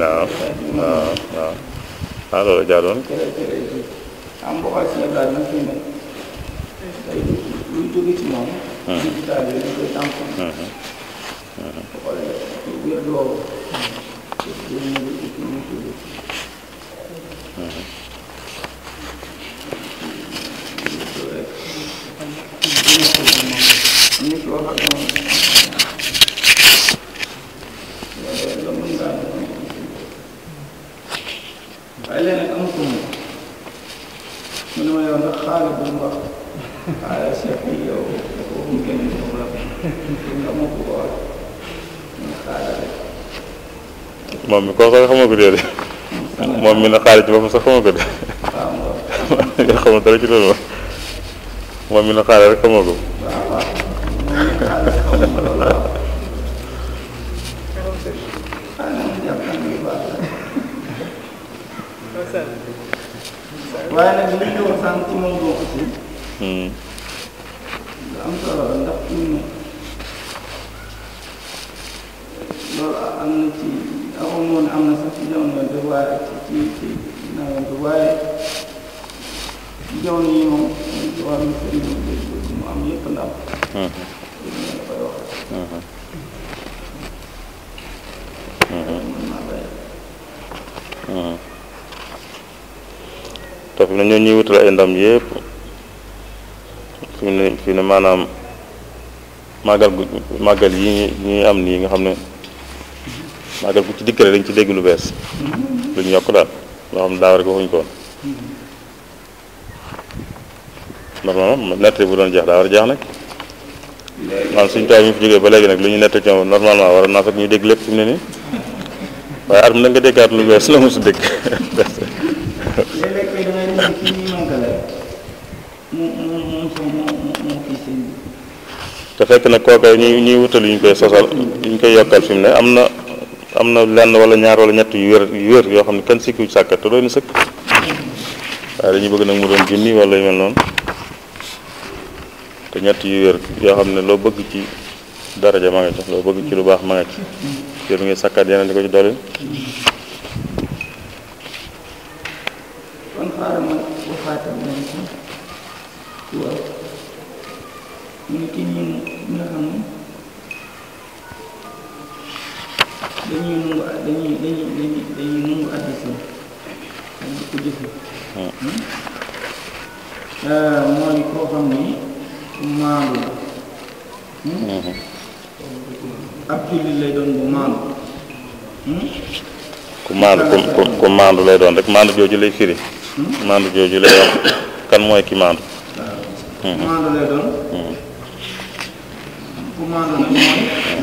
waaw waaw waaw xam nga xool si ñebe daal fi mu day luy jóge ci moom. digg hmm. daal yooyu dañ koy moom mi ko sax xamoo ko déedéet moom mi na xaalis ci boppam sax xamoo ko de nga xamoo dara ci loolu moom mi na xaalis rek xamoo ko waaye ndax ci. قوم أم نسفيهم ودواء تكيكي ودواء يونيهم ودواء مثلهم بيتكم أم يطلب te fi mu ne ñoo ñuy wutal ay ndam yëpp fi mu ne fi ne maanaam màggal màggal yi ñuy am nii nga xam ne màggal bu ci dikk rek dañ ci dégg lu bees lu ñu yokk daal loo xam ne daaw bu doon jeex daa war a jeex nag maanaam suñ taay bi ñu fi jógee ba léegi nag lu ñu nett ci moom normalement waroon naa fekk ñu dégg lépp fi mu ne nii waaye at mi nag nga déggaat lu bees la mosu dégg te fekk nag kooka ñuy wutal yu ñu koy sosal yu ñu koy yokkal fi mu ne am na amna lenn wala ñaar wala ñett yu wër yu wër yo xamni kan sikku sikkiwu sàkkat te doy na sëkk dañu bëgg nak mu doon jinni wala yëmel non te ñett yu wër yo xamni lo bëgg ci daraja ma nga ci lo bëgg ci lu baax ma nga ci yëru sakka yéen ngay sàkkaat yeneen di ko ci dolli kon dañuy nangu dañuy hmm. euh, mooy koo xam ne hmm? hmm. la doon bu maandu ku maandu ku lay doon rek maandu jooju lay firi maandu jooju lay wax kan mooy ki maandu euh, maandu lay doon ku maandu nag mooy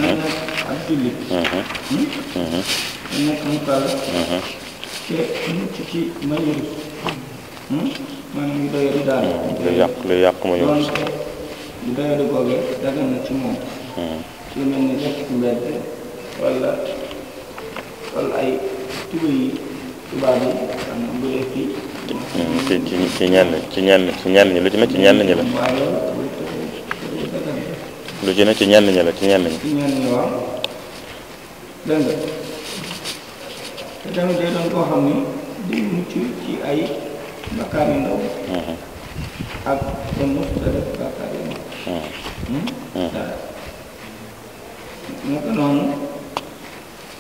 jullit nekk mu kàll te mucc ci mayëru maanaam yu doyadi daal lu yàq lu yàq ma yëru lu doyadi googee dagan na ci moom ci lu mel ni lekk ci mbedd wala wala ay tuba yi tubaab yi am na bu dee fii ci ci ci ñenn ci ñenn ci ñenn ñi lu ci ne ci ñenn ñi la lu ci ne ci ñenn ñi la ci ñenn ñi dégg nga te tamit day doon koo xam ni day mucc ci ay bakkaar yu ndaw mhm. ak kon mosuta def bakkaar mhm. Hmm? Mhm. noonu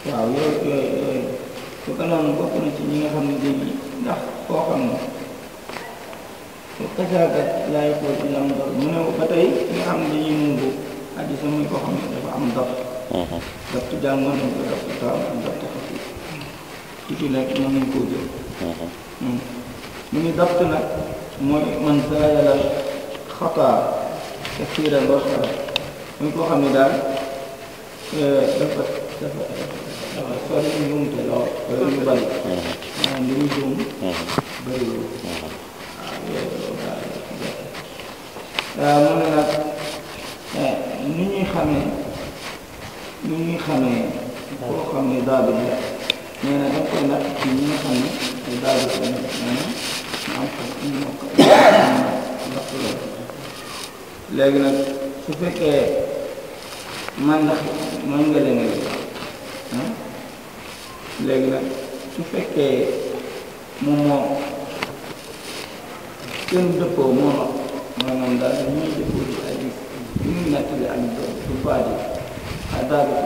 waaw yooyu yooyu yooyu noonu bokk na ci ñi nga xam ne dañuy ndax koo xam ne kasaaga laay ko lam dor mu ne ba tey nga xam ne dañuy nungu hadiis muy koo xam ne dafa am dor Uh-huh. ndaxte jàngoon nañ ko ndaxte taamu ko ndaxte xatu tuuti nag mën nañ jël uh-huh. hmm. mu ngi dapt nag mooy man zaayalal xataa te ba xara muy koo xam ne daal ni ñuy xamee ni ñuy xamee koo la nee léegi nag su fekkee man ndax mën nga leen léegi moom moo kenn dëppoo moo maanaam daal dañuy dëppoo ci ay ak doom su baat adaaba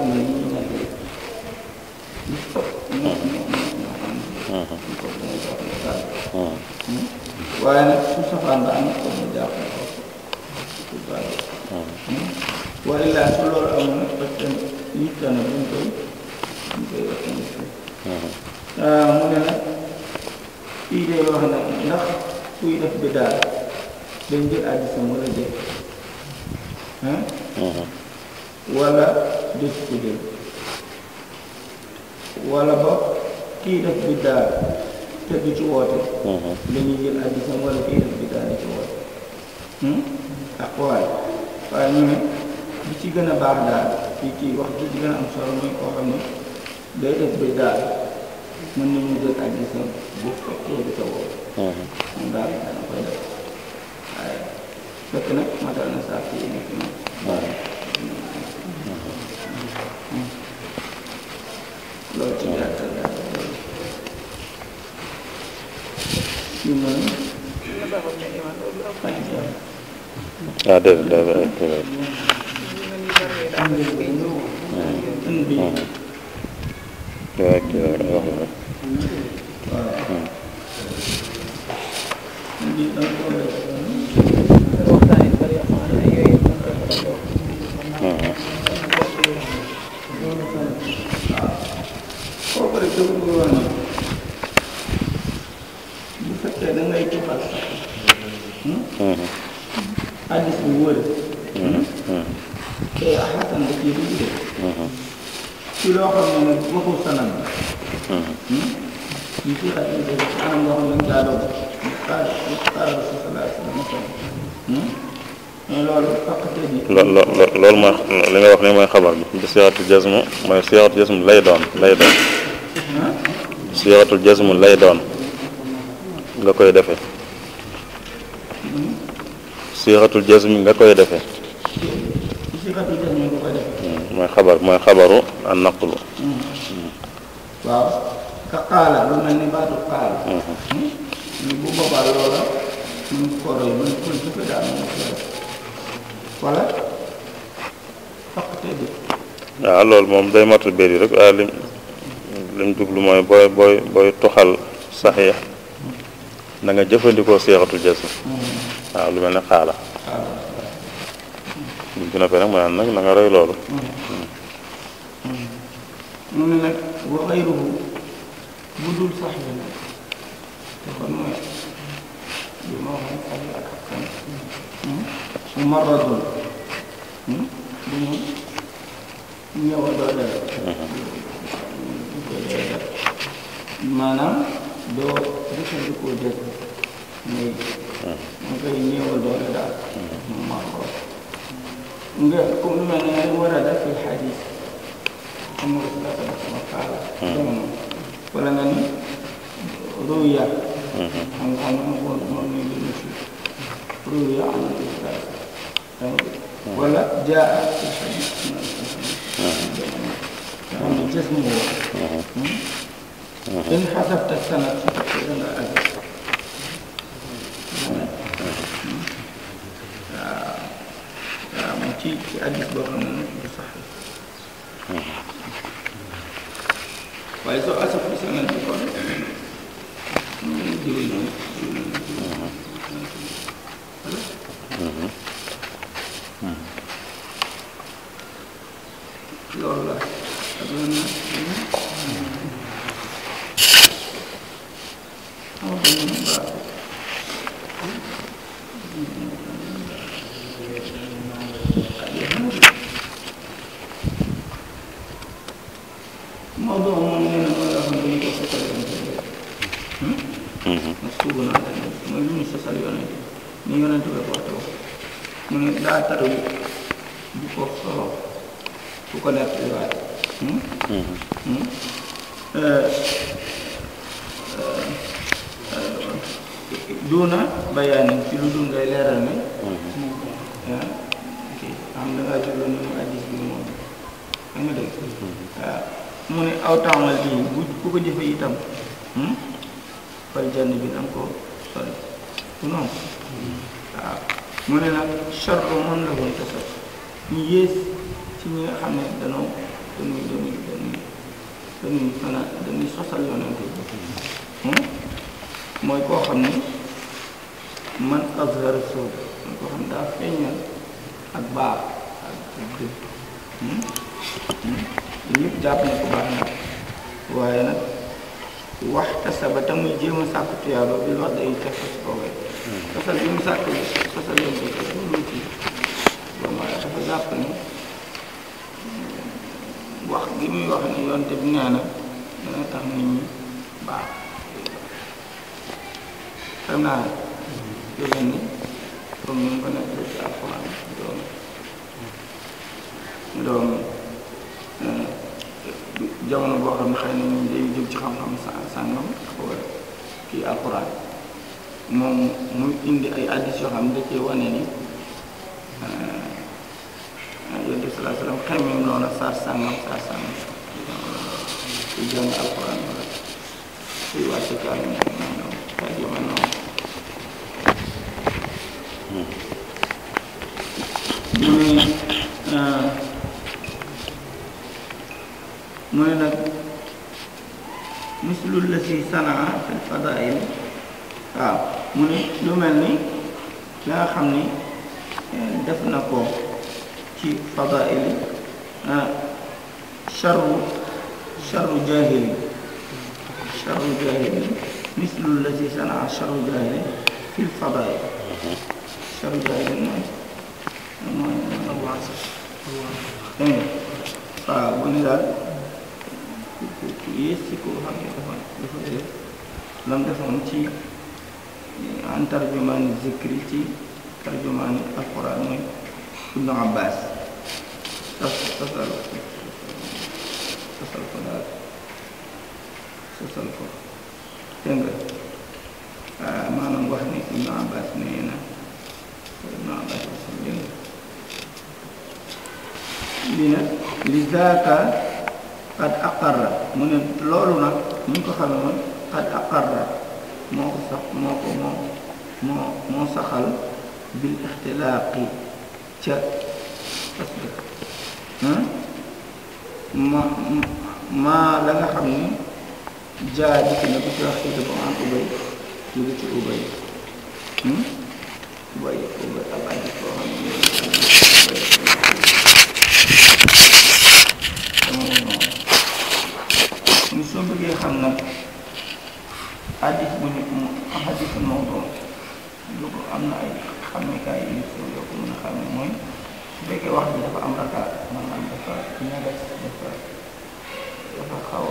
waaye su safaan ba am ko mu jàppale ko su baax wala laa su loolu amul nag parce que nit ki nag buñ koy buñ koy waxee mu ne nag kii wax nag ndax kuy def bi daal dañ jël àddisa wala jël wala def ci gën wala ba kii def bi daal te ci woote mhm. dañuy jël addisam wala kii def bi daal ci woote hmm? ak ah, waaye waaye ñu ne bi ci gën a baax daal kii kii wax ci gën a am solo mooy koo xam ne day def bi daal mën nañu jël addisam bu fekkee du ca woote mhm. moom daal dana koy def waaye fekk nag matal na saa kii nekk na mhm. đó chính là thật đạo nhưng mà À, được, được, được, được. Ừ. Ừ. Được, được, được. Ừ. jasmu mooy siyaxatul jasmu lay doon lay doon siyaxatul jasmu lay doon nga koy defee siyaxatul jasmu nga koy defee hmm, mooy xabar mooy xabaru an naqlu hmm. waaw loolu moom day matal béer yi rek waaye lim lim jublu mooy booy booy booy toxal saxiix na nga jëfandikoo seexatul jasm waaw lu mel ne xaala hmm. buñ ci noppee nag mu naan nag na nga hmm. Hmm. mu ne nag wa xayruhu ñoo ko doo dara maanaam doo jëfandikoo dëkk muy mu koy néew doole daal mu ma ko nga comme lu mel ne nga war a def fi xadis amul dafa def ma kaala jamono wala nga ni ruya xam nga xam nga moom moom ne lu fi ruya am na wala jaa fi xadis يكون الجسم إن حسبت السنة إلى أجل ci ci hadith boo xam ne du sax la waaye soo asaf bi sanal bi kon jiw yi noonu dañuy sosal yonent bi hmm? mooy koo xam ni man azhara soob mooy koo xam hmm? Hmm? ne daa ak baax ak dëgg ñëpp jàpp na ko baax nag waaye nag waxta saba te muy jéem sàkk tuyaaba bi wax day teg ko si kawee sosal bi mu sàkk sosal yonent bi loolu ci ba ma dafa jàpp ni wax gi muy wax ni yonent bi nee na dana tax nit ñi baax xam naa lu mel ni comme ñu gën a dugg ci alxuraan doom doom jamono boo xam ne xëy na ñu day ci xam-xam sàngam wala kii alxuraan moom muy indi ay addis xam ne da cee wane ni yonent bi sallallahu alayhi saar sàngam saar sàngam Hmm. Ah, mu ne nag mislu lasi sanaa fil fadail waaw mu ne lu mel ni la xam ni eh, def na ko ci fadail charru ah, charu jaahili charu jaahili mislu lazi sanaa charu jaahili fil fadaay charu jaahili mooy mooy avancé dégg nga waaw bu ne daal ku ku ku yées ci koo xam ne dafa dafa réer lam defoon ci en tarjumaani zikri ci tarjumaani alquran mooy Ibnu Abbas tas tasal sosal ko daal sosal ko dégg nga wax ni Ibnu Abbas nee na li nag li zaaka qad aqarra mu ne loolu nag mu ko xamee qad aqarra moo ko sax moo ko moo moo moo saxal bil ixtilaaqi ca parce que ma ma la nga xam ne jaa dikk na bu ci wax xiita bu am ubay jóge ci ubay hmm? ubay ubay ab aji boo xam ne ñu soo bëggee xam nag addis bu moom doom du ko am na ay xammekaay yu soo yokk mën a xam ne mooy sebagai orang dapat mereka ini ada dapat dapat kau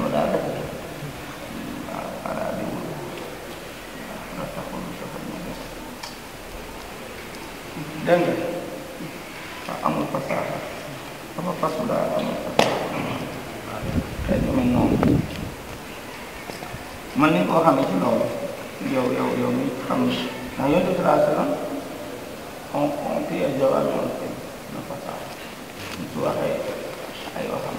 modal ada hmm, ya, amul pasar apa pas sudah amul pasar kayaknya mending orang yo yo yo kami nah yo itu terasa kan nanti aja orang nanti kenapa tahu itu ayo ayo orang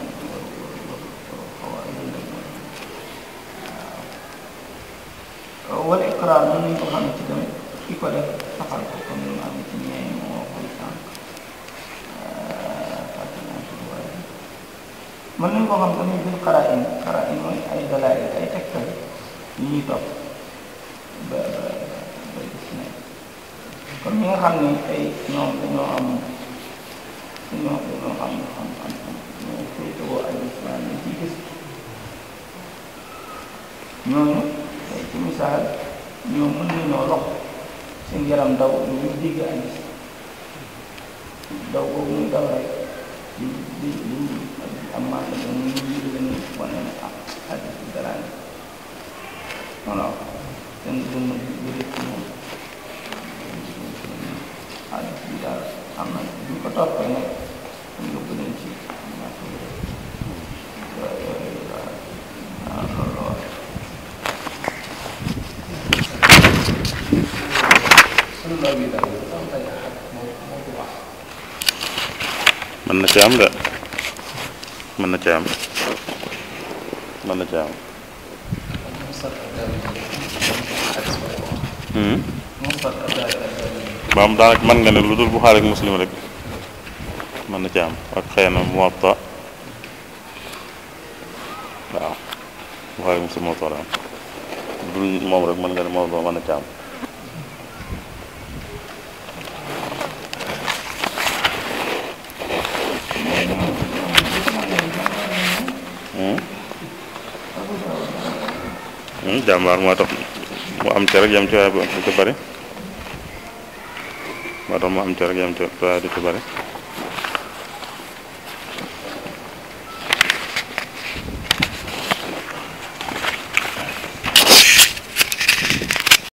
wal ikrar mun ko xam ci dem ki ko def taxal ko comme lu am ci ñeey mo koy sank mën nañ ko xam tamit bil qara'in qara'in mooy ay dalail ay tegtal yi ñuy topp ba kon ñi nga xam ne tey ñoom dañoo am dañoo dañoo am xam-xam ñoo féetewoo ak lislaam ñu ciy gis ñooñu tey ci misaal ñoo mën nañoo seen yaram daw ñu digg ak daw boobu muy daw rek di di di am maanaam dañuy yëngu dañuy wane ne ah ak dara non non seen dund bi ci moom. xaalis bi daal am na ñu ko toppee nag ñu yóbbu leen ci mën na ci am de mën na ci am mën na ci am hmm? moom daanaka mën nga ne lu dul Buxaari ak Muslim rek mën na ci am ak xëy na Muwatta waaw Buxaari ak Muslim Muwatta la lu dul moom rek mën nga ne Muwatta mën na ci am hmm? Hmm? jàmbaar moo tax mu am ci rek yam ci bari moo tax mu am cër ak yam cër du bëri